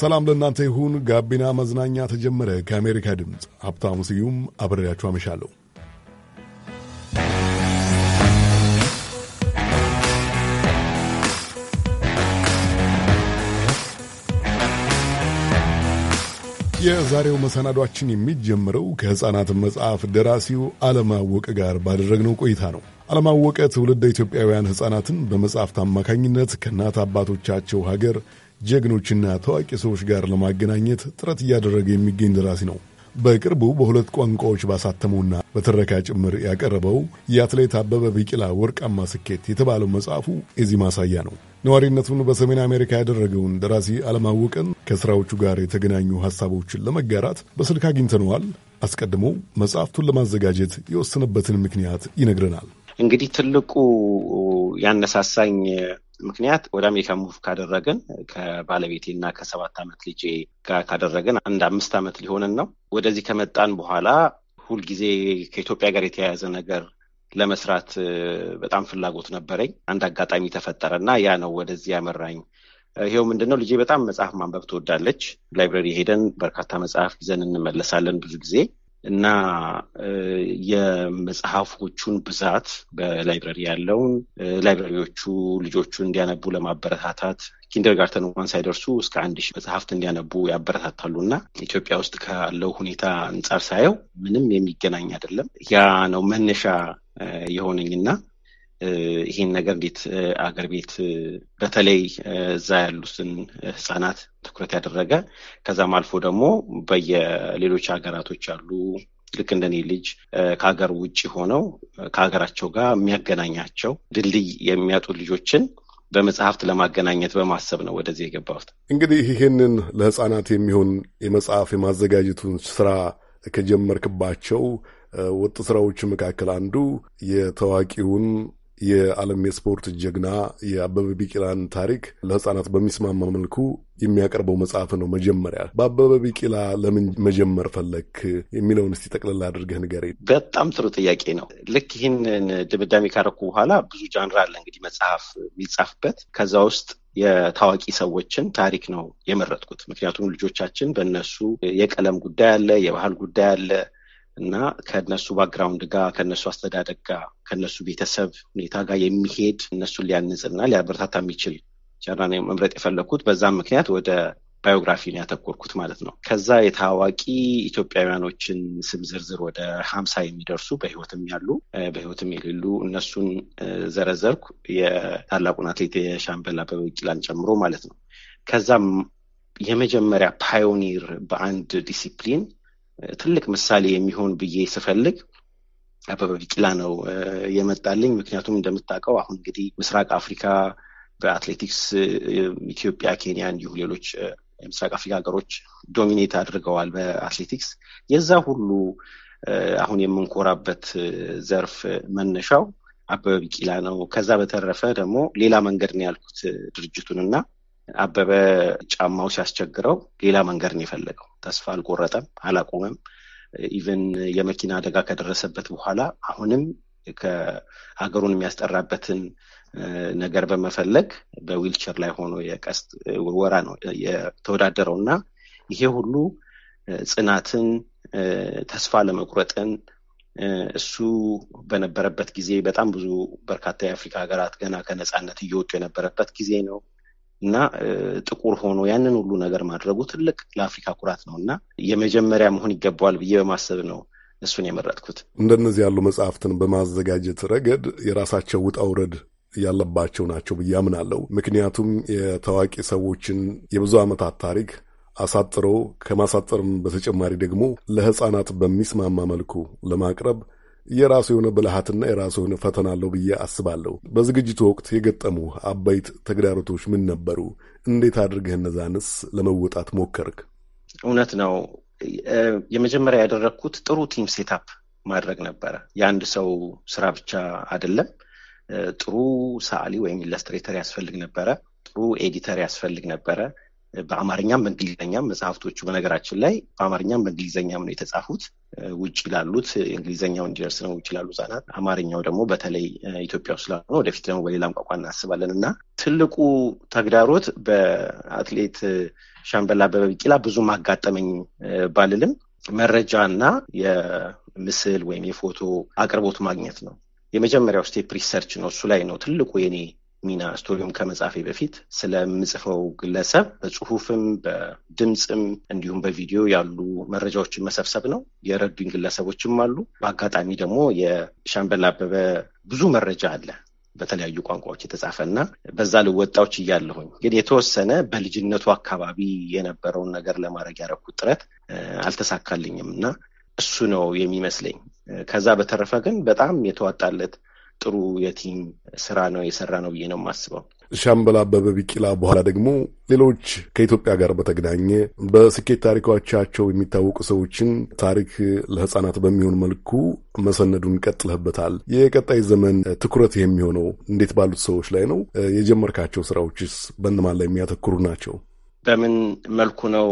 ሰላም ለእናንተ ይሁን። ጋቢና መዝናኛ ተጀመረ። ከአሜሪካ ድምፅ ሀብታሙ ስዩም አብሬያችሁ አመሻለሁ። የዛሬው መሰናዷችን የሚጀምረው ከሕፃናት መጽሐፍ ደራሲው አለማወቅ ጋር ባደረግነው ቆይታ ነው። አለማወቀ ትውልደ ኢትዮጵያውያን ሕፃናትን በመጽሐፍት አማካኝነት ከእናት አባቶቻቸው ሀገር ጀግኖችና ታዋቂ ሰዎች ጋር ለማገናኘት ጥረት እያደረገ የሚገኝ ደራሲ ነው። በቅርቡ በሁለት ቋንቋዎች ባሳተመውና በትረካ ጭምር ያቀረበው የአትሌት አበበ ቢቂላ ወርቃማ ስኬት የተባለው መጽሐፉ የዚህ ማሳያ ነው። ነዋሪነቱን በሰሜን አሜሪካ ያደረገውን ደራሲ አለማወቅን ከሥራዎቹ ጋር የተገናኙ ሀሳቦችን ለመጋራት በስልክ አግኝተነዋል። አስቀድሞ መጽሐፍቱን ለማዘጋጀት የወሰነበትን ምክንያት ይነግረናል። እንግዲህ ትልቁ ያነሳሳኝ ምክንያት ወደ አሜሪካ ሙቭ ካደረግን ከባለቤቴ እና ከሰባት ዓመት ልጄ ጋር ካደረግን አንድ አምስት ዓመት ሊሆንን ነው። ወደዚህ ከመጣን በኋላ ሁልጊዜ ከኢትዮጵያ ጋር የተያያዘ ነገር ለመስራት በጣም ፍላጎት ነበረኝ። አንድ አጋጣሚ ተፈጠረ እና ያ ነው ወደዚህ ያመራኝ። ይሄው ምንድነው ልጄ በጣም መጽሐፍ ማንበብ ትወዳለች። ላይብረሪ ሄደን በርካታ መጽሐፍ ይዘን እንመለሳለን ብዙ ጊዜ እና የመጽሐፎቹን ብዛት በላይብረሪ ያለውን ላይብረሪዎቹ ልጆቹ እንዲያነቡ ለማበረታታት ኪንደርጋርተን እንኳን ሳይደርሱ እስከ አንድ ሺህ መጽሐፍት እንዲያነቡ ያበረታታሉ እና ኢትዮጵያ ውስጥ ካለው ሁኔታ አንጻር ሳየው ምንም የሚገናኝ አይደለም። ያ ነው መነሻ የሆነኝና ይህን ነገር እንዴት አገር ቤት በተለይ እዛ ያሉትን ህጻናት ትኩረት ያደረገ ከዛም አልፎ ደግሞ በየሌሎች ሀገራቶች ያሉ ልክ እንደኔ ልጅ ከሀገር ውጭ ሆነው ከሀገራቸው ጋር የሚያገናኛቸው ድልድይ የሚያጡ ልጆችን በመጽሐፍት ለማገናኘት በማሰብ ነው ወደዚህ የገባሁት። እንግዲህ ይህንን ለህፃናት የሚሆን የመጽሐፍ የማዘጋጀቱን ስራ ከጀመርክባቸው ወጥ ስራዎች መካከል አንዱ የታዋቂውን የዓለም የስፖርት ጀግና የአበበ ቢቂላን ታሪክ ለሕፃናት በሚስማማ መልኩ የሚያቀርበው መጽሐፍ ነው። መጀመሪያ በአበበ ቢቂላ ለምን መጀመር ፈለክ የሚለውን እስቲ ጠቅልላ አድርገህ ንገረኝ። በጣም ጥሩ ጥያቄ ነው። ልክ ይህንን ድምዳሜ ካረኩ በኋላ ብዙ ጃንራ አለ እንግዲህ መጽሐፍ የሚጻፍበት ከዛ ውስጥ የታዋቂ ሰዎችን ታሪክ ነው የመረጥኩት። ምክንያቱም ልጆቻችን በእነሱ የቀለም ጉዳይ አለ፣ የባህል ጉዳይ አለ፣ እና ከነሱ ባክግራውንድ ጋር ከነሱ አስተዳደግ ጋር ከነሱ ቤተሰብ ሁኔታ ጋር የሚሄድ እነሱን ሊያንጽና ሊያበረታታ የሚችል ጀራ መምረጥ የፈለግኩት በዛም ምክንያት ወደ ባዮግራፊ ነው ያተኮርኩት ማለት ነው። ከዛ የታዋቂ ኢትዮጵያውያኖችን ስም ዝርዝር ወደ ሀምሳ የሚደርሱ በህይወትም ያሉ በህይወትም የሌሉ እነሱን ዘረዘርኩ የታላቁን አትሌት የሻምበል አበበ ቢቂላን ጨምሮ ማለት ነው። ከዛም የመጀመሪያ ፓዮኒር በአንድ ዲሲፕሊን ትልቅ ምሳሌ የሚሆን ብዬ ስፈልግ አበበ ቢቂላ ነው የመጣልኝ። ምክንያቱም እንደምታውቀው አሁን እንግዲህ ምስራቅ አፍሪካ በአትሌቲክስ ኢትዮጵያ፣ ኬንያ እንዲሁም ሌሎች የምስራቅ አፍሪካ ሀገሮች ዶሚኔት አድርገዋል በአትሌቲክስ። የዛ ሁሉ አሁን የምንኮራበት ዘርፍ መነሻው አበበ ቢቂላ ነው። ከዛ በተረፈ ደግሞ ሌላ መንገድ ነው ያልኩት ድርጅቱን እና አበበ ጫማው ሲያስቸግረው ሌላ መንገድ ነው የፈለገው። ተስፋ አልቆረጠም፣ አላቆመም። ኢቨን የመኪና አደጋ ከደረሰበት በኋላ አሁንም ከሀገሩን የሚያስጠራበትን ነገር በመፈለግ በዊልቸር ላይ ሆኖ የቀስት ውርወራ ነው የተወዳደረው እና ይሄ ሁሉ ጽናትን፣ ተስፋ ለመቁረጥን እሱ በነበረበት ጊዜ በጣም ብዙ በርካታ የአፍሪካ ሀገራት ገና ከነፃነት እየወጡ የነበረበት ጊዜ ነው። እና ጥቁር ሆኖ ያንን ሁሉ ነገር ማድረጉ ትልቅ ለአፍሪካ ኩራት ነው እና የመጀመሪያ መሆን ይገባዋል ብዬ በማሰብ ነው እሱን የመረጥኩት። እንደነዚህ ያሉ መጽሐፍትን በማዘጋጀት ረገድ የራሳቸው ውጣ ውረድ ያለባቸው ናቸው ብዬ አምናለሁ። ምክንያቱም የታዋቂ ሰዎችን የብዙ ዓመታት ታሪክ አሳጥሮ ከማሳጠርም በተጨማሪ ደግሞ ለሕፃናት በሚስማማ መልኩ ለማቅረብ የራሱ የሆነ ብልሃትና የራሱ የሆነ ፈተና አለው ብዬ አስባለሁ። በዝግጅቱ ወቅት የገጠሙ አበይት ተግዳሮቶች ምን ነበሩ? እንዴት አድርገህ እነዛንስ ለመወጣት ሞከርክ? እውነት ነው። የመጀመሪያ ያደረግኩት ጥሩ ቲም ሴታፕ ማድረግ ነበረ። የአንድ ሰው ስራ ብቻ አይደለም። ጥሩ ሰዓሊ ወይም ኢለስትሬተር ያስፈልግ ነበረ። ጥሩ ኤዲተር ያስፈልግ ነበረ። በአማርኛም በእንግሊዝኛም መጽሐፍቶቹ በነገራችን ላይ በአማርኛም በእንግሊዝኛም ነው የተጻፉት። ውጭ ላሉት እንግሊዝኛው እንዲደርስ ነው ውጭ ላሉ ህጻናት፣ አማርኛው ደግሞ በተለይ ኢትዮጵያ ውስጥ ላሉ ወደፊት ደግሞ በሌላም ቋንቋ እናስባለን እና ትልቁ ተግዳሮት በአትሌት ሻምበል አበበ ቢቂላ ብዙም አጋጠመኝ ባልልም መረጃ እና የምስል ወይም የፎቶ አቅርቦት ማግኘት ነው። የመጀመሪያው ስቴፕ ሪሰርች ነው። እሱ ላይ ነው ትልቁ የኔ ሚና ስቶሪም ከመጻፌ በፊት ስለምጽፈው ግለሰብ በጽሁፍም በድምፅም እንዲሁም በቪዲዮ ያሉ መረጃዎችን መሰብሰብ ነው። የረዱኝ ግለሰቦችም አሉ። በአጋጣሚ ደግሞ የሻምበል አበበ ብዙ መረጃ አለ በተለያዩ ቋንቋዎች የተጻፈ እና በዛ ልወጣዎች እያለሁኝ ግን የተወሰነ በልጅነቱ አካባቢ የነበረውን ነገር ለማድረግ ያደረኩት ጥረት አልተሳካልኝም እና እሱ ነው የሚመስለኝ። ከዛ በተረፈ ግን በጣም የተዋጣለት ጥሩ የቲም ስራ ነው የሰራ ነው ብዬ ነው የማስበው። ሻምበል አበበ ቢቂላ በኋላ ደግሞ ሌሎች ከኢትዮጵያ ጋር በተገናኘ በስኬት ታሪኮቻቸው የሚታወቁ ሰዎችን ታሪክ ለህጻናት በሚሆን መልኩ መሰነዱን ቀጥለህበታል። የቀጣይ ዘመን ትኩረት የሚሆነው እንዴት ባሉት ሰዎች ላይ ነው? የጀመርካቸው ስራዎችስ በእነማን ላይ የሚያተኩሩ ናቸው? በምን መልኩ ነው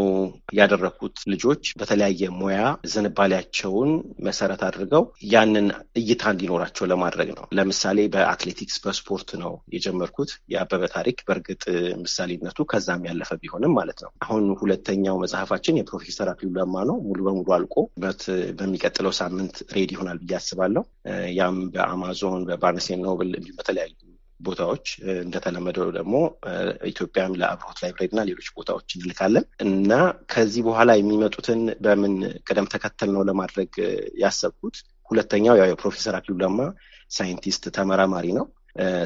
ያደረኩት? ልጆች በተለያየ ሙያ ዝንባሌያቸውን መሰረት አድርገው ያንን እይታ እንዲኖራቸው ለማድረግ ነው። ለምሳሌ በአትሌቲክስ በስፖርት ነው የጀመርኩት። የአበበ ታሪክ በእርግጥ ምሳሌነቱ ከዛም ያለፈ ቢሆንም ማለት ነው። አሁን ሁለተኛው መጽሐፋችን የፕሮፌሰር አክሊሉ ለማ ነው። ሙሉ በሙሉ አልቆ በሚቀጥለው ሳምንት ሬድ ይሆናል ብዬ አስባለሁ። ያም በአማዞን በባርነስ ኤንድ ኖብል እንዲሁም በተለያዩ ቦታዎች እንደተለመደው ደግሞ ኢትዮጵያም ለአብሮት ላይብሬሪ እና ሌሎች ቦታዎች እንልካለን እና ከዚህ በኋላ የሚመጡትን በምን ቅደም ተከተል ነው ለማድረግ ያሰብኩት። ሁለተኛው ያው የፕሮፌሰር አክሊሉ ለማ ሳይንቲስት ተመራማሪ ነው።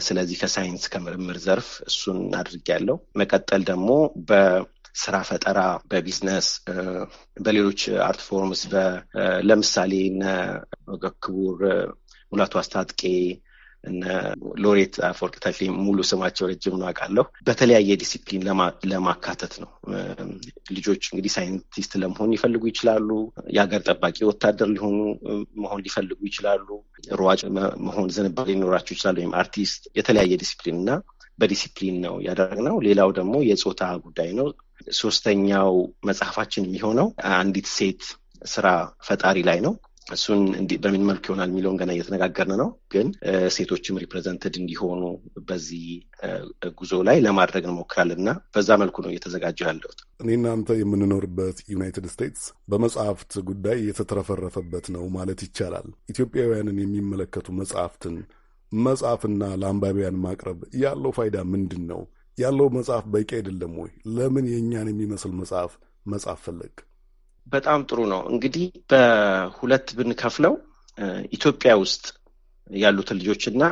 ስለዚህ ከሳይንስ ከምርምር ዘርፍ እሱን አድርግ ያለው መቀጠል ደግሞ በስራ ፈጠራ፣ በቢዝነስ፣ በሌሎች አርት ፎርምስ ለምሳሌ ክቡር ሙላቱ አስታጥቄ እነ ሎሬት አፈወርቅ ተክሌ ሙሉ ስማቸው ረጅም ነው አውቃለሁ። በተለያየ ዲሲፕሊን ለማካተት ነው። ልጆች እንግዲህ ሳይንቲስት ለመሆን ሊፈልጉ ይችላሉ። የሀገር ጠባቂ ወታደር ሊሆኑ መሆን ሊፈልጉ ይችላሉ። ሯጭ መሆን ዝንባሌ ሊኖራቸው ይችላሉ። ወይም አርቲስት፣ የተለያየ ዲሲፕሊን እና በዲሲፕሊን ነው ያደረግነው። ሌላው ደግሞ የጾታ ጉዳይ ነው። ሶስተኛው መጽሐፋችን የሚሆነው አንዲት ሴት ስራ ፈጣሪ ላይ ነው። እሱን በምን መልክ ይሆናል የሚለውን ገና እየተነጋገርን ነው። ግን ሴቶችም ሪፕሬዘንትድ እንዲሆኑ በዚህ ጉዞ ላይ ለማድረግ እንሞክራለን እና በዛ መልኩ ነው እየተዘጋጀው ያለሁት። እኔ እናንተ የምንኖርበት ዩናይትድ ስቴትስ በመጽሐፍት ጉዳይ የተትረፈረፈበት ነው ማለት ይቻላል። ኢትዮጵያውያንን የሚመለከቱ መጽሐፍትን መጽሐፍና ለአንባቢያን ማቅረብ ያለው ፋይዳ ምንድን ነው? ያለው መጽሐፍ በቂ አይደለም ወይ? ለምን የእኛን የሚመስል መጽሐፍ መጽሐፍ ፈለግ በጣም ጥሩ ነው። እንግዲህ በሁለት ብንከፍለው ኢትዮጵያ ውስጥ ያሉትን ልጆች እና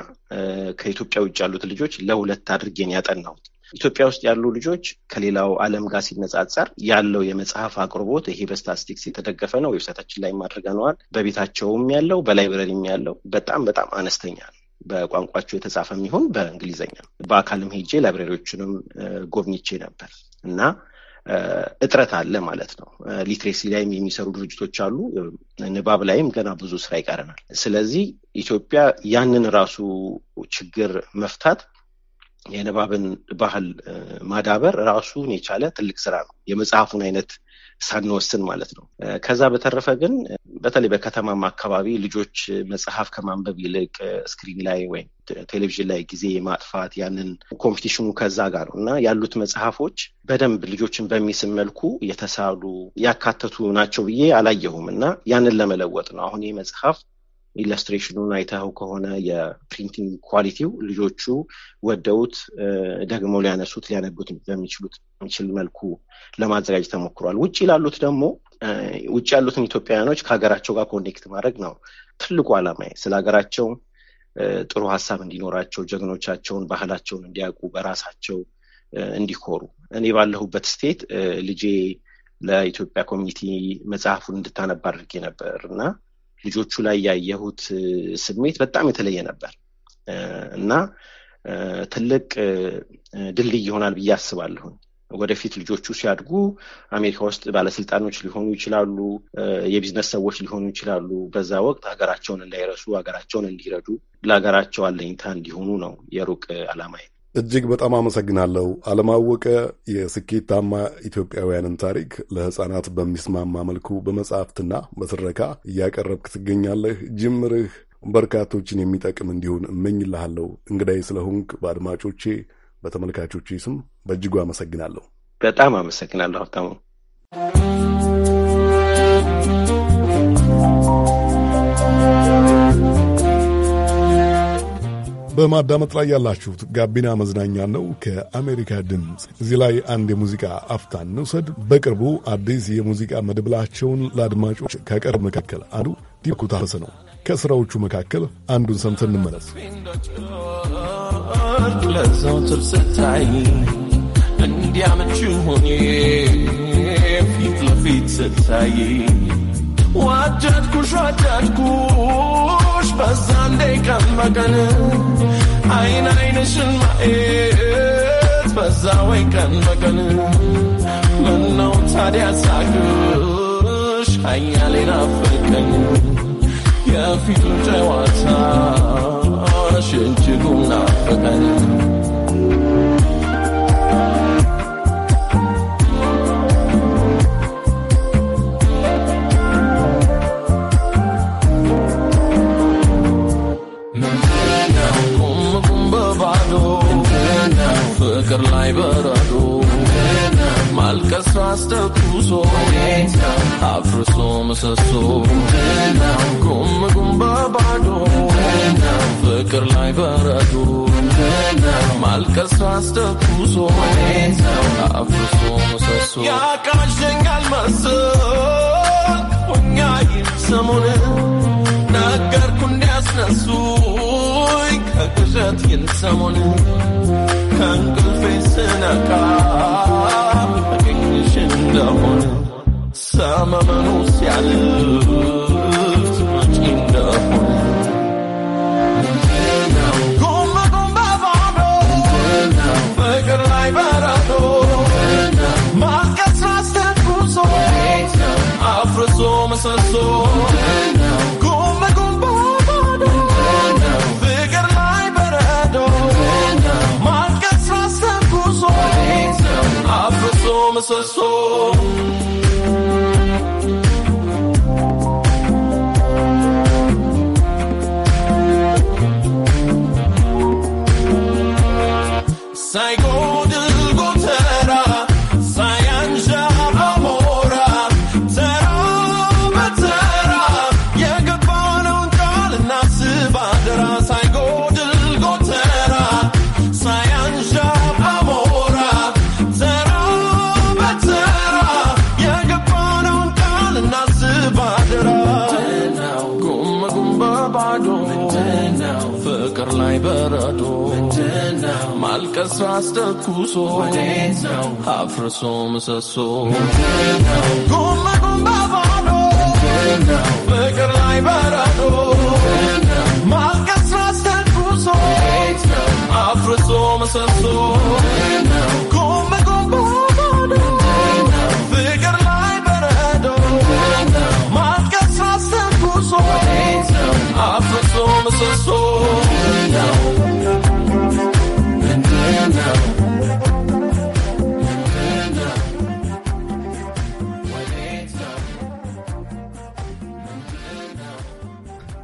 ከኢትዮጵያ ውጭ ያሉትን ልጆች ለሁለት አድርጌን ያጠናሁት። ኢትዮጵያ ውስጥ ያሉ ልጆች ከሌላው ዓለም ጋር ሲነጻጸር ያለው የመጽሐፍ አቅርቦት ይሄ በስታትስቲክስ የተደገፈ ነው። ዌብሳይታችን ላይ አድርገነዋል። በቤታቸውም ያለው በላይብረሪም ያለው በጣም በጣም አነስተኛ ነው። በቋንቋቸው የተጻፈ የሚሆን በእንግሊዝኛ። በአካልም ሄጄ ላይብረሪዎችንም ጎብኝቼ ነበር እና እጥረት አለ ማለት ነው። ሊትሬሲ ላይም የሚሰሩ ድርጅቶች አሉ። ንባብ ላይም ገና ብዙ ስራ ይቀረናል። ስለዚህ ኢትዮጵያ ያንን ራሱ ችግር መፍታት የንባብን ባህል ማዳበር ራሱን የቻለ ትልቅ ስራ ነው። የመጽሐፉን አይነት ሳንወስን ማለት ነው። ከዛ በተረፈ ግን በተለይ በከተማም አካባቢ ልጆች መጽሐፍ ከማንበብ ይልቅ ስክሪን ላይ ወይም ቴሌቪዥን ላይ ጊዜ የማጥፋት ያንን ኮምፒቲሽኑ ከዛ ጋር ነው እና ያሉት መጽሐፎች በደንብ ልጆችን በሚስም መልኩ የተሳሉ ያካተቱ ናቸው ብዬ አላየሁም እና ያንን ለመለወጥ ነው አሁን ይህ መጽሐፍ ኢለስትሬሽኑን አይተኸው ከሆነ የፕሪንቲንግ ኳሊቲው ልጆቹ ወደውት ደግሞ ሊያነሱት ሊያነቡት በሚችሉት የሚችል መልኩ ለማዘጋጀት ተሞክሯል። ውጭ ላሉት ደግሞ ውጭ ያሉትን ኢትዮጵያውያኖች ከሀገራቸው ጋር ኮኔክት ማድረግ ነው ትልቁ ዓላማ። ስለ ሀገራቸው ጥሩ ሀሳብ እንዲኖራቸው፣ ጀግኖቻቸውን፣ ባህላቸውን እንዲያውቁ፣ በራሳቸው እንዲኮሩ እኔ ባለሁበት ስቴት ልጄ ለኢትዮጵያ ኮሚኒቲ መጽሐፉን እንድታነብ አድርጌ ነበር እና ልጆቹ ላይ ያየሁት ስሜት በጣም የተለየ ነበር እና ትልቅ ድልድይ ይሆናል ብዬ አስባለሁኝ። ወደፊት ልጆቹ ሲያድጉ አሜሪካ ውስጥ ባለስልጣኖች ሊሆኑ ይችላሉ፣ የቢዝነስ ሰዎች ሊሆኑ ይችላሉ። በዛ ወቅት ሀገራቸውን እንዳይረሱ፣ ሀገራቸውን እንዲረዱ፣ ለሀገራቸው አለኝታ እንዲሆኑ ነው የሩቅ አላማዬ። እጅግ በጣም አመሰግናለሁ አለማወቀ። የስኬታማ ኢትዮጵያውያንን ታሪክ ለሕፃናት በሚስማማ መልኩ በመጽሐፍትና በትረካ እያቀረብክ ትገኛለህ። ጅምርህ በርካቶችን የሚጠቅም እንዲሆን እመኝልሃለሁ። እንግዳይ ስለሆንክ በአድማጮቼ በተመልካቾቼ ስም በእጅጉ አመሰግናለሁ። በጣም አመሰግናለሁ ሀብታሙ። በማዳመጥ ላይ ያላችሁት ጋቢና መዝናኛ ነው ከአሜሪካ ድምፅ። እዚህ ላይ አንድ የሙዚቃ አፍታ እንውሰድ። በቅርቡ አዲስ የሙዚቃ መድብላቸውን ለአድማጮች ከቀረብ መካከል አንዱ ዲኮ ታፈሰ ነው። ከሥራዎቹ መካከል አንዱን ሰምተን እንመለስ። ለዘውትር ስታይ እንዲያመች ሆኔ ፊት ለፊት ስታይ ዋጃድኩሽ ዋጃድኩ አብሮሽ በዛ እንደ ቀን በቀን አይን አይንሽን ማየት በዛ ወይ ቀን በቀን ምነው ታዲያ ሳቅሽ አኛ ሌላ የፊቱ ጨዋታሽ እጅጉ ናፈቀን ባዶ ፍቅር ላይ በረዶ ማልቀስ አስደኩሶ አፍርሶ ምሰሶ ጉም ጉም ባባዶ ፍቅር ላይ በረዶ ማልቀስ አስደኩሶ አፍርሶ ምሰሶ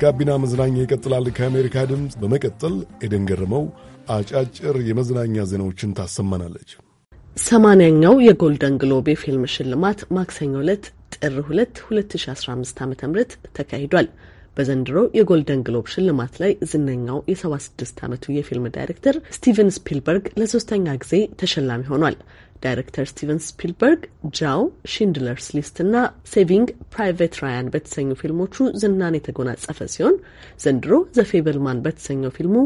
ጋቢና መዝናኛ ይቀጥላል። ከአሜሪካ ድምፅ በመቀጠል ኤደን ገርመው አጫጭር የመዝናኛ ዜናዎችን ታሰማናለች። ሰማንያኛው የጎልደን ግሎብ የፊልም ሽልማት ማክሰኞ ዕለት ጥር 2 2015 ዓ ም ተካሂዷል። በዘንድሮ የጎልደን ግሎብ ሽልማት ላይ ዝነኛው የ76 ዓመቱ የፊልም ዳይሬክተር ስቲቨን ስፒልበርግ ለሶስተኛ ጊዜ ተሸላሚ ሆኗል። ዳይሬክተር ስቲቨን ስፒልበርግ ጃው፣ ሽንድለርስ ሊስት እና ሴቪንግ ፕራይቬት ራያን በተሰኙ ፊልሞቹ ዝናን የተጎናጸፈ ሲሆን ዘንድሮ ዘፌበልማን በተሰኘው ፊልሙ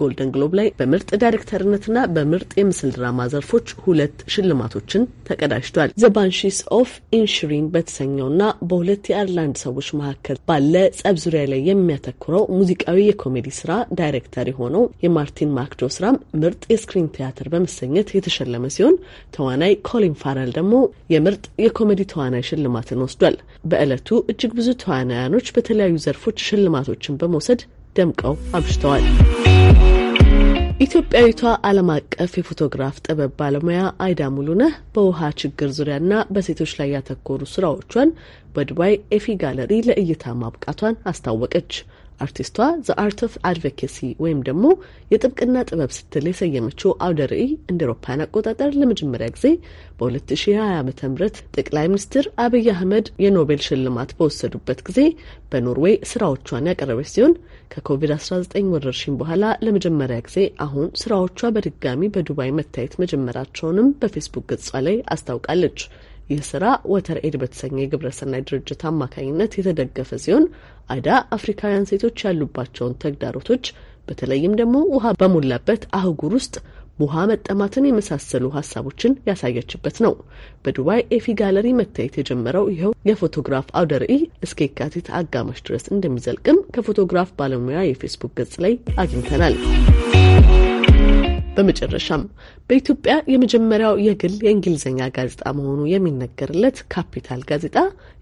ጎልደን ግሎብ ላይ በምርጥ ዳይሬክተርነትና በምርጥ የምስል ድራማ ዘርፎች ሁለት ሽልማቶችን ተቀዳጅቷል። ዘ ባንሺስ ኦፍ ኢንሽሪን በተሰኘውና በሁለት የአይርላንድ ሰዎች መካከል ባለ ጸብ ዙሪያ ላይ የሚያተኩረው ሙዚቃዊ የኮሜዲ ስራ ዳይሬክተር የሆነው የማርቲን ማክዶ ስራም ምርጥ የስክሪን ቲያትር በመሰኘት የተሸለመ ሲሆን ተዋናይ ኮሊን ፋረል ደግሞ የምርጥ የኮሜዲ ተዋናይ ሽልማትን ወስዷል። በዕለቱ እጅግ ብዙ ተዋናያኖች በተለያዩ ዘርፎች ሽልማቶችን በመውሰድ ደምቀው አብሽተዋል። ኢትዮጵያዊቷ ዓለም አቀፍ የፎቶግራፍ ጥበብ ባለሙያ አይዳ ሙሉነህ በውሃ ችግር ዙሪያና በሴቶች ላይ ያተኮሩ ስራዎቿን በዱባይ ኤፊ ጋለሪ ለእይታ ማብቃቷን አስታወቀች። አርቲስቷ ዘ አርት ኦፍ አድቮኬሲ ወይም ደግሞ የጥብቅና ጥበብ ስትል የሰየመችው አውደ ርዕይ እንደ አውሮፓውያን አቆጣጠር ለመጀመሪያ ጊዜ በ2020 ዓ ም ጠቅላይ ሚኒስትር አብይ አህመድ የኖቤል ሽልማት በወሰዱበት ጊዜ በኖርዌይ ስራዎቿን ያቀረበች ሲሆን ከኮቪድ-19 ወረርሽኝ በኋላ ለመጀመሪያ ጊዜ አሁን ስራዎቿ በድጋሚ በዱባይ መታየት መጀመራቸውንም በፌስቡክ ገጿ ላይ አስታውቃለች። ይህ ስራ ወተር ኤድ በተሰኘ የግብረሰናይ ድርጅት አማካኝነት የተደገፈ ሲሆን አዳ አፍሪካውያን ሴቶች ያሉባቸውን ተግዳሮቶች በተለይም ደግሞ ውሃ በሞላበት አህጉር ውስጥ ውሃ መጠማትን የመሳሰሉ ሀሳቦችን ያሳየችበት ነው። በዱባይ ኤፊ ጋለሪ መታየት የጀመረው ይኸው የፎቶግራፍ አውደ ርዕይ እስከ የካቲት አጋማሽ ድረስ እንደሚዘልቅም ከፎቶግራፍ ባለሙያ የፌስቡክ ገጽ ላይ አግኝተናል። በመጨረሻም በኢትዮጵያ የመጀመሪያው የግል የእንግሊዝኛ ጋዜጣ መሆኑ የሚነገርለት ካፒታል ጋዜጣ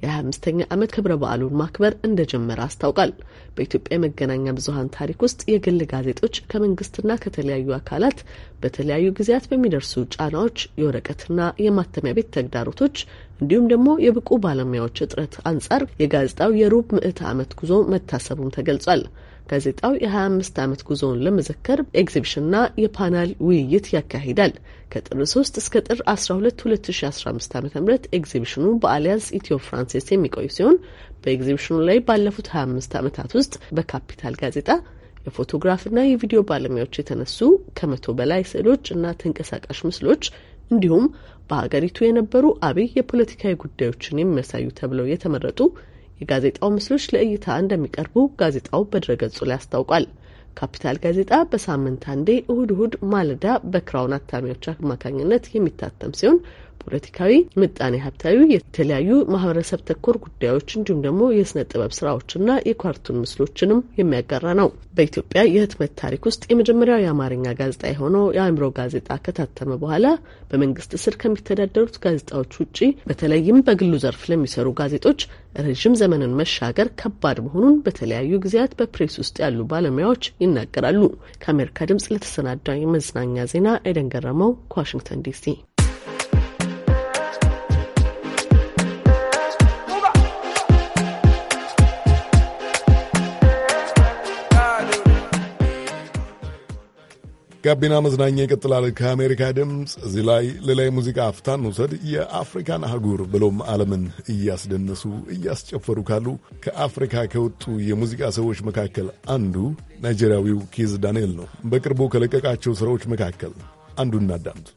የ25ኛ ዓመት ክብረ በዓሉን ማክበር እንደጀመረ አስታውቃል። በኢትዮጵያ የመገናኛ ብዙኃን ታሪክ ውስጥ የግል ጋዜጦች ከመንግስትና ከተለያዩ አካላት በተለያዩ ጊዜያት በሚደርሱ ጫናዎች፣ የወረቀትና የማተሚያ ቤት ተግዳሮቶች እንዲሁም ደግሞ የብቁ ባለሙያዎች እጥረት አንጻር የጋዜጣው የሩብ ምዕተ ዓመት ጉዞ መታሰቡም ተገልጿል። ጋዜጣው የ25 ዓመት ጉዞውን ለመዘከር ኤግዚቢሽንና የፓናል ውይይት ያካሂዳል። ከጥር 3 እስከ ጥር 12 2015 ዓ ም ኤግዚቢሽኑ በአሊያንስ ኢትዮ ፍራንሴስ የሚቆይ ሲሆን በኤግዚቢሽኑ ላይ ባለፉት 25 ዓመታት ውስጥ በካፒታል ጋዜጣ የፎቶግራፍና የቪዲዮ ባለሙያዎች የተነሱ ከመቶ በላይ ስዕሎች እና ተንቀሳቃሽ ምስሎች እንዲሁም በሀገሪቱ የነበሩ አብይ የፖለቲካዊ ጉዳዮችን የሚያሳዩ ተብለው የተመረጡ የጋዜጣው ምስሎች ለእይታ እንደሚቀርቡ ጋዜጣው በድረገጹ ላይ አስታውቋል። ካፒታል ጋዜጣ በሳምንት አንዴ እሁድ እሁድ ማለዳ በክራውን አታሚዎች አማካኝነት የሚታተም ሲሆን ፖለቲካዊ፣ ምጣኔ ሀብታዊ፣ የተለያዩ ማህበረሰብ ተኮር ጉዳዮች እንዲሁም ደግሞ የስነ ጥበብ ስራዎችና የካርቱን ምስሎችንም የሚያጋራ ነው። በኢትዮጵያ የህትመት ታሪክ ውስጥ የመጀመሪያው የአማርኛ ጋዜጣ የሆነው የአእምሮ ጋዜጣ ከታተመ በኋላ በመንግስት ስር ከሚተዳደሩት ጋዜጣዎች ውጪ በተለይም በግሉ ዘርፍ ለሚሰሩ ጋዜጦች ረዥም ዘመንን መሻገር ከባድ መሆኑን በተለያዩ ጊዜያት በፕሬስ ውስጥ ያሉ ባለሙያዎች ይናገራሉ። ከአሜሪካ ድምጽ ለተሰናዳ የመዝናኛ ዜና ኤደን ገረመው ከዋሽንግተን ዲሲ ጋቢና መዝናኛ ይቀጥላል። ከአሜሪካ ድምፅ እዚህ ላይ ሌላ ሙዚቃ አፍታን ውሰድ። የአፍሪካን አህጉር ብሎም ዓለምን እያስደነሱ እያስጨፈሩ ካሉ ከአፍሪካ ከወጡ የሙዚቃ ሰዎች መካከል አንዱ ናይጄሪያዊው ኪዝ ዳንኤል ነው። በቅርቡ ከለቀቃቸው ሥራዎች መካከል አንዱ እናዳምጥ።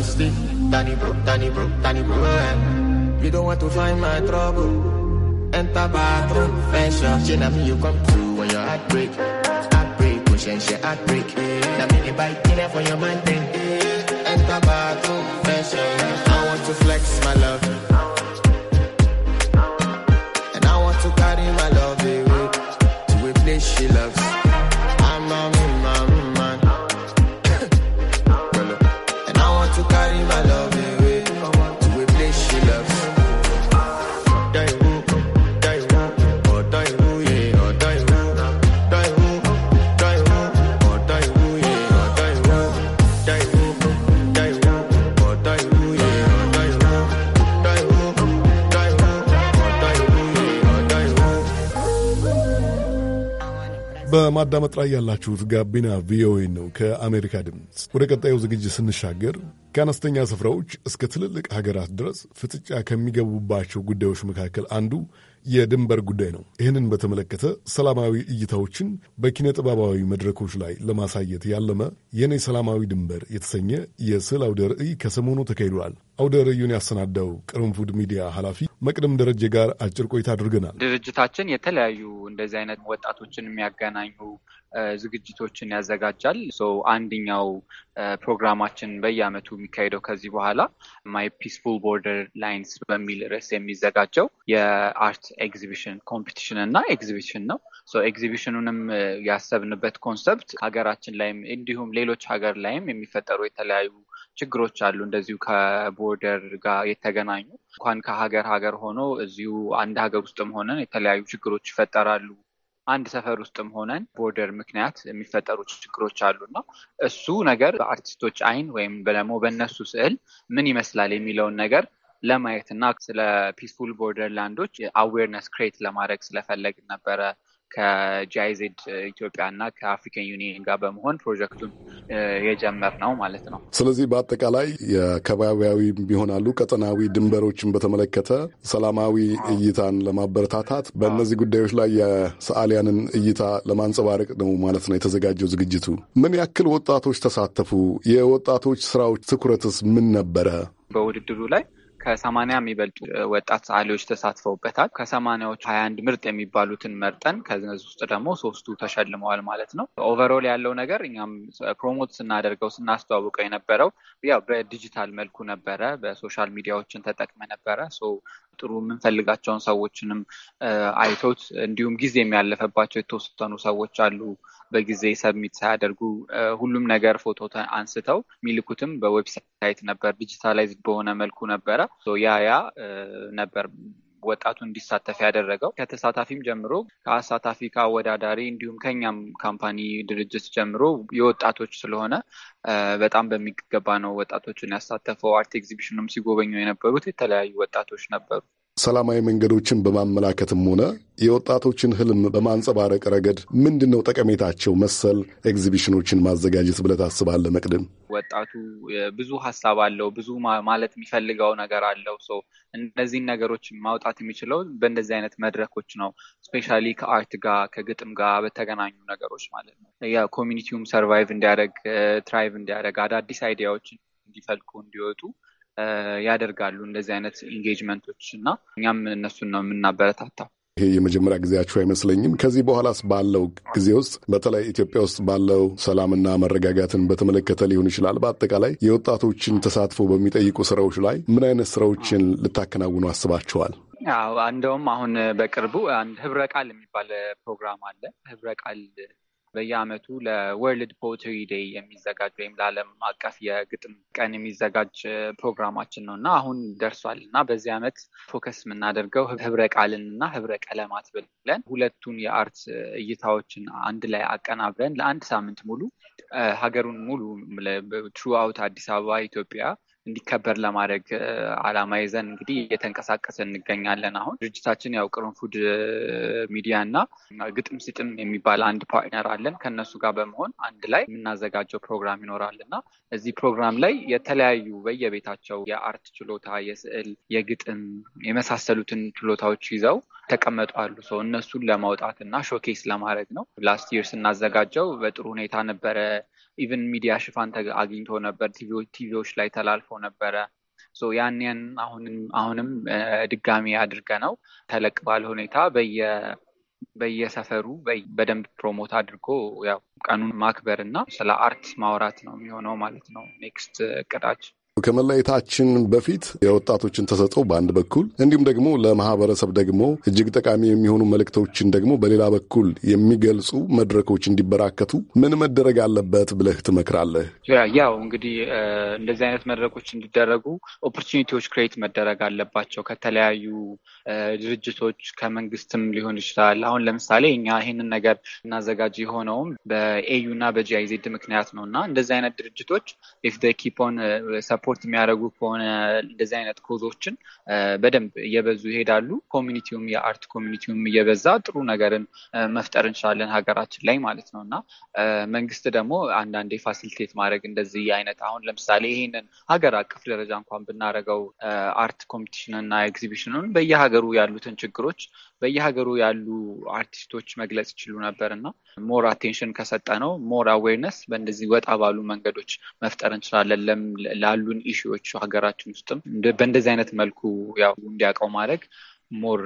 honesty. Danny broke, Danny broke, Danny broke. You don't want to find my trouble. Enter bathroom, fashion. She na me you come through when your heart break. Heart break, push and she heart break. Now me the bike dinner for your man thing. Enter bathroom, fashion. I want to flex my love. And I want to carry my love away to a place she loves. በማዳመጥ ላይ ያላችሁት ጋቢና ቪኦኤ ነው ከአሜሪካ ድምፅ። ወደ ቀጣዩ ዝግጅት ስንሻገር ከአነስተኛ ስፍራዎች እስከ ትልልቅ ሀገራት ድረስ ፍጥጫ ከሚገቡባቸው ጉዳዮች መካከል አንዱ የድንበር ጉዳይ ነው። ይህንን በተመለከተ ሰላማዊ እይታዎችን በኪነ ጥበባዊ መድረኮች ላይ ለማሳየት ያለመ የእኔ ሰላማዊ ድንበር የተሰኘ የስዕል አውደ ርዕይ ከሰሞኑ ተካሂዷል። አውደ ርዕዩን ያሰናዳው ቅርንፉድ ሚዲያ ኃላፊ መቅደም ደረጀ ጋር አጭር ቆይታ አድርገናል። ድርጅታችን የተለያዩ እንደዚህ አይነት ወጣቶችን የሚያገናኙ ዝግጅቶችን ያዘጋጃል። አንድኛው ፕሮግራማችን በየአመቱ የሚካሄደው ከዚህ በኋላ ማይ ፒስፉል ቦርደር ላይንስ በሚል ርዕስ የሚዘጋጀው የአርት ኤግዚቢሽን ኮምፒቲሽን እና ኤግዚቢሽን ነው። ኤግዚቢሽኑንም ያሰብንበት ኮንሰፕት ሀገራችን ላይም እንዲሁም ሌሎች ሀገር ላይም የሚፈጠሩ የተለያዩ ችግሮች አሉ። እንደዚሁ ከቦርደር ጋር የተገናኙ እንኳን ከሀገር ሀገር ሆኖ እዚሁ አንድ ሀገር ውስጥም ሆነን የተለያዩ ችግሮች ይፈጠራሉ። አንድ ሰፈር ውስጥም ሆነን ቦርደር ምክንያት የሚፈጠሩ ችግሮች አሉና እሱ ነገር በአርቲስቶች አይን ወይም ደግሞ በእነሱ ስዕል ምን ይመስላል የሚለውን ነገር ለማየት እና ስለ ፒስፉል ቦርደር ላንዶች አዌርነስ ክሬት ለማድረግ ስለፈለግን ነበረ ከጂአይዜድ ኢትዮጵያና ከአፍሪካን ዩኒየን ጋር በመሆን ፕሮጀክቱን የጀመር ነው ማለት ነው። ስለዚህ በአጠቃላይ የከባቢያዊ ይሆናሉ ቀጠናዊ ድንበሮችን በተመለከተ ሰላማዊ እይታን ለማበረታታት በእነዚህ ጉዳዮች ላይ የሰዓሊያንን እይታ ለማንጸባረቅ ነው ማለት ነው የተዘጋጀው ዝግጅቱ። ምን ያክል ወጣቶች ተሳተፉ? የወጣቶች ስራዎች ትኩረትስ ምን ነበረ? በውድድሩ ላይ ከሰማኒያ የሚበልጡ ወጣት ሰዓሊዎች ተሳትፈውበታል። ከሰማኒያዎች ሀያ አንድ ምርጥ የሚባሉትን መርጠን ከነዚህ ውስጥ ደግሞ ሶስቱ ተሸልመዋል ማለት ነው። ኦቨሮል ያለው ነገር እኛም ፕሮሞት ስናደርገው ስናስተዋውቀው የነበረው ያው በዲጂታል መልኩ ነበረ። በሶሻል ሚዲያዎችን ተጠቅመ ነበረ ጥሩ የምንፈልጋቸውን ሰዎችንም አይቶት እንዲሁም ጊዜ የሚያለፈባቸው የተወሰኑ ሰዎች አሉ። በጊዜ ሰብሚት ሳያደርጉ ሁሉም ነገር ፎቶ አንስተው የሚልኩትም በዌብሳይት ነበር፣ ዲጂታላይዝድ በሆነ መልኩ ነበረ። ያ ያ ነበር ወጣቱ እንዲሳተፍ ያደረገው ከተሳታፊም ጀምሮ ከአሳታፊ ከአወዳዳሪ እንዲሁም ከኛም ካምፓኒ ድርጅት ጀምሮ የወጣቶች ስለሆነ በጣም በሚገባ ነው ወጣቶችን ያሳተፈው። አርት ኤግዚቢሽኑም ሲጎበኙ የነበሩት የተለያዩ ወጣቶች ነበሩ። ሰላማዊ መንገዶችን በማመላከትም ሆነ የወጣቶችን ህልም በማንጸባረቅ ረገድ ምንድን ነው ጠቀሜታቸው? መሰል ኤግዚቢሽኖችን ማዘጋጀት ብለህ ታስባለህ? መቅድም ወጣቱ ብዙ ሀሳብ አለው፣ ብዙ ማለት የሚፈልገው ነገር አለው። ሰው እነዚህን ነገሮች ማውጣት የሚችለው በእንደዚህ አይነት መድረኮች ነው። ስፔሻሊ ከአርት ጋር ከግጥም ጋር በተገናኙ ነገሮች ማለት ነው። ያ ኮሚኒቲውም ሰርቫይቭ እንዲያደርግ ትራይቭ እንዲያደርግ አዳዲስ አይዲያዎችን እንዲፈልቁ እንዲወጡ ያደርጋሉ እንደዚህ አይነት ኢንጌጅመንቶች እና እኛም እነሱን ነው የምናበረታታው። ይሄ የመጀመሪያ ጊዜያችሁ አይመስለኝም። ከዚህ በኋላስ ባለው ጊዜ ውስጥ በተለይ ኢትዮጵያ ውስጥ ባለው ሰላምና መረጋጋትን በተመለከተ ሊሆን ይችላል፣ በአጠቃላይ የወጣቶችን ተሳትፎ በሚጠይቁ ስራዎች ላይ ምን አይነት ስራዎችን ልታከናውኑ አስባችኋል? እንደውም አሁን በቅርቡ አንድ ህብረ ቃል የሚባል ፕሮግራም አለ። ህብረ ቃል በየአመቱ ለወርልድ ፖትሪ ዴይ የሚዘጋጅ ወይም ለዓለም አቀፍ የግጥም ቀን የሚዘጋጅ ፕሮግራማችን ነው እና አሁን ደርሷል እና በዚህ አመት ፎከስ የምናደርገው ህብረ ቃልን እና ህብረ ቀለማት ብለን ሁለቱን የአርት እይታዎችን አንድ ላይ አቀናብረን ለአንድ ሳምንት ሙሉ ሀገሩን ሙሉ ትሩአውት አዲስ አበባ ኢትዮጵያ እንዲከበር ለማድረግ አላማ ይዘን እንግዲህ እየተንቀሳቀሰ እንገኛለን። አሁን ድርጅታችን ያው ቅርንፉድ ሚዲያ እና ግጥም ሲጥም የሚባል አንድ ፓርትነር አለን። ከእነሱ ጋር በመሆን አንድ ላይ የምናዘጋጀው ፕሮግራም ይኖራል እና እዚህ ፕሮግራም ላይ የተለያዩ በየቤታቸው የአርት ችሎታ፣ የስዕል፣ የግጥም የመሳሰሉትን ችሎታዎች ይዘው ተቀመጡ አሉ። ሰው እነሱን ለማውጣት እና ሾኬስ ለማድረግ ነው። ላስት ይር ስናዘጋጀው በጥሩ ሁኔታ ነበረ ኢቨን ሚዲያ ሽፋን አግኝቶ ነበር። ቲቪዎች ላይ ተላልፎ ነበረ። ያንን አሁንም ድጋሚ አድርገ ነው ተለቅ ባለ ሁኔታ በየሰፈሩ በደንብ ፕሮሞት አድርጎ ያው ቀኑን ማክበር እና ስለ አርት ማውራት ነው የሚሆነው ማለት ነው ኔክስት እቅዳችን። ከመለየታችን በፊት የወጣቶችን ተሰጥኦ በአንድ በኩል እንዲሁም ደግሞ ለማህበረሰብ ደግሞ እጅግ ጠቃሚ የሚሆኑ መልእክቶችን ደግሞ በሌላ በኩል የሚገልጹ መድረኮች እንዲበራከቱ ምን መደረግ አለበት ብለህ ትመክራለህ? ያው እንግዲህ እንደዚህ አይነት መድረኮች እንዲደረጉ ኦፖርቹኒቲዎች ክሬት መደረግ አለባቸው። ከተለያዩ ድርጅቶች ከመንግስትም ሊሆን ይችላል። አሁን ለምሳሌ እኛ ይህንን ነገር እናዘጋጅ የሆነውም በኤዩ እና በጂአይዜድ ምክንያት ነው እና እንደዚህ አይነት ድርጅቶች ኢፍ ኪፖን ሰፖርት ሰፖርት የሚያደርጉ ከሆነ እንደዚህ አይነት ኮዞችን በደንብ እየበዙ ይሄዳሉ። ኮሚኒቲውም የአርት ኮሚኒቲውም እየበዛ ጥሩ ነገርን መፍጠር እንችላለን ሀገራችን ላይ ማለት ነው እና መንግስት ደግሞ አንዳንዴ ፋሲሊቴት ማድረግ እንደዚህ አይነት አሁን ለምሳሌ ይሄንን ሀገር አቀፍ ደረጃ እንኳን ብናደርገው አርት ኮምፒቲሽንና ኤግዚቢሽኑን በየሀገሩ ያሉትን ችግሮች በየሀገሩ ያሉ አርቲስቶች መግለጽ ይችሉ ነበር እና ሞር አቴንሽን ከሰጠ ነው ሞር አዌርነስ በእንደዚህ ወጣ ባሉ መንገዶች መፍጠር እንችላለን ላሉ ያሉን ኢሹዎች ሀገራችን ውስጥም በእንደዚህ አይነት መልኩ ያው እንዲያውቀው ማድረግ ሞር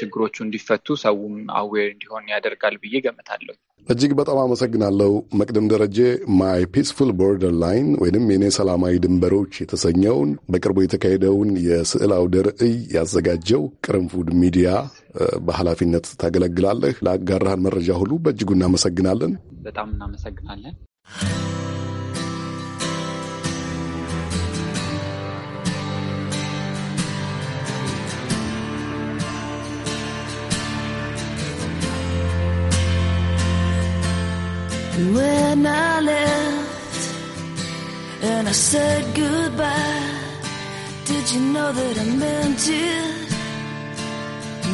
ችግሮቹ እንዲፈቱ ሰውም አዌር እንዲሆን ያደርጋል ብዬ ገምታለሁ። እጅግ በጣም አመሰግናለሁ መቅደም ደረጀ። ማይ ፒስፉል ቦርደር ላይን ወይንም የኔ ሰላማዊ ድንበሮች የተሰኘውን በቅርቡ የተካሄደውን የስዕል አውደ ርዕይ ያዘጋጀው ቅርንፉድ ሚዲያ በኃላፊነት ታገለግላለህ። ለአጋራህን መረጃ ሁሉ በእጅጉ እናመሰግናለን። በጣም እናመሰግናለን። And when I left and I said goodbye, did you know that I meant it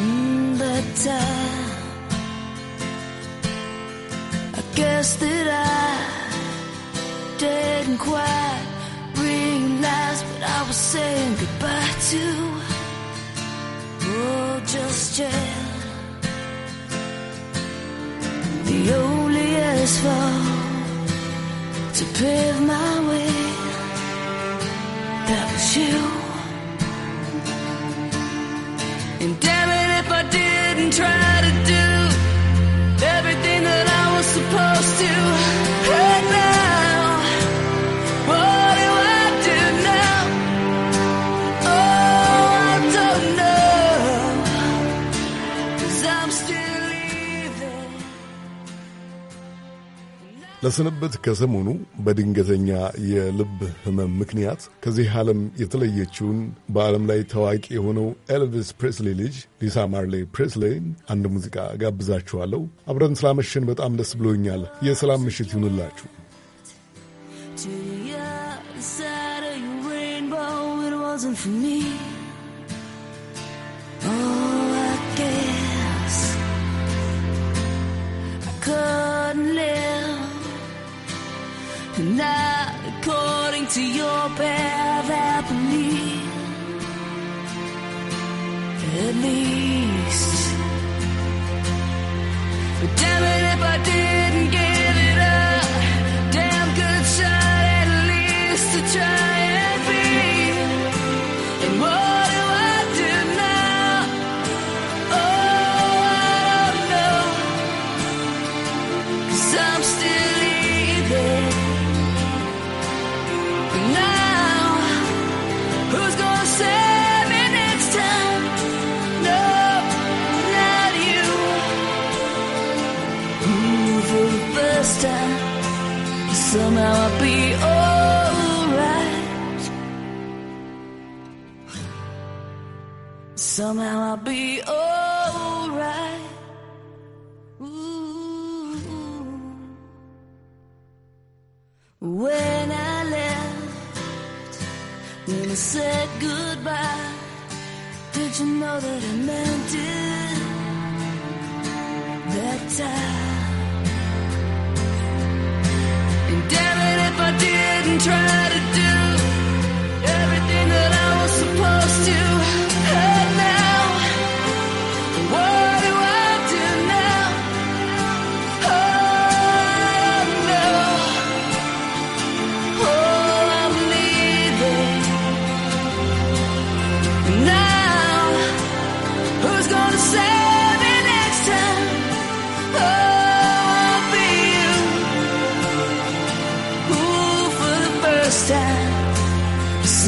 mm, that time? I guess that I didn't quite realize what I was saying goodbye to. Oh, just yet. The old to pave my way. That was you. And damn it if I didn't try. ለስንብት ከሰሞኑ በድንገተኛ የልብ ህመም ምክንያት ከዚህ ዓለም የተለየችውን በዓለም ላይ ታዋቂ የሆነው ኤልቪስ ፕሬስሊ ልጅ ሊሳ ማርሌ ፕሬስሌን አንድ ሙዚቃ ጋብዛችኋለሁ። አብረን ስላመሸን በጣም ደስ ብሎኛል። የሰላም ምሽት ይሁንላችሁ። Oh Not according to your path, I believe. At least. But damn it if I didn't give it a damn good shot at least to try. now I'll be alright. Somehow I'll be alright. When I left, when I said goodbye, did you know that I meant it? That time. didn't try.